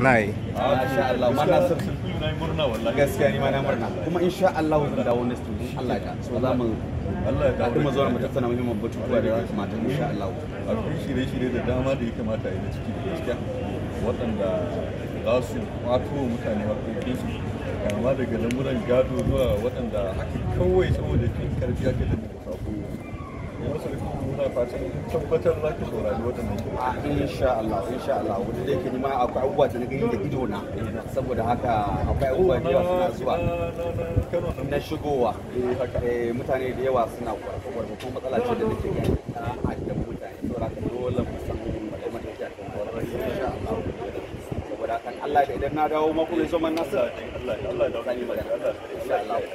wallahi insha na sarki murna wallahi gaskiya ni ma murna kuma insha Allah zan dawo next week Allah ya so za mu Allah ya dawo mu zo mu tattauna muhimman batutuwa da ya kamata insha Allah akwai shirye-shirye da dama da ya kamata a yi da ciki da gaskiya waɗanda za su kwato mutane kama daga lamuran gado zuwa waɗanda haka kawai saboda da tabbatar Insha Allah, insha Allah, wanda akwai abubuwa da na gani da ido na saboda haka akwai abubuwa da yawa suna zuwa na shigowa. Eh, mutane da yawa suna matsala ce da nake gani a da mutane saboda haka dole mu san insha Allah. Saboda haka Allah da idan na dawo zo man nasa. Allah Allah da magana. Insha Allah.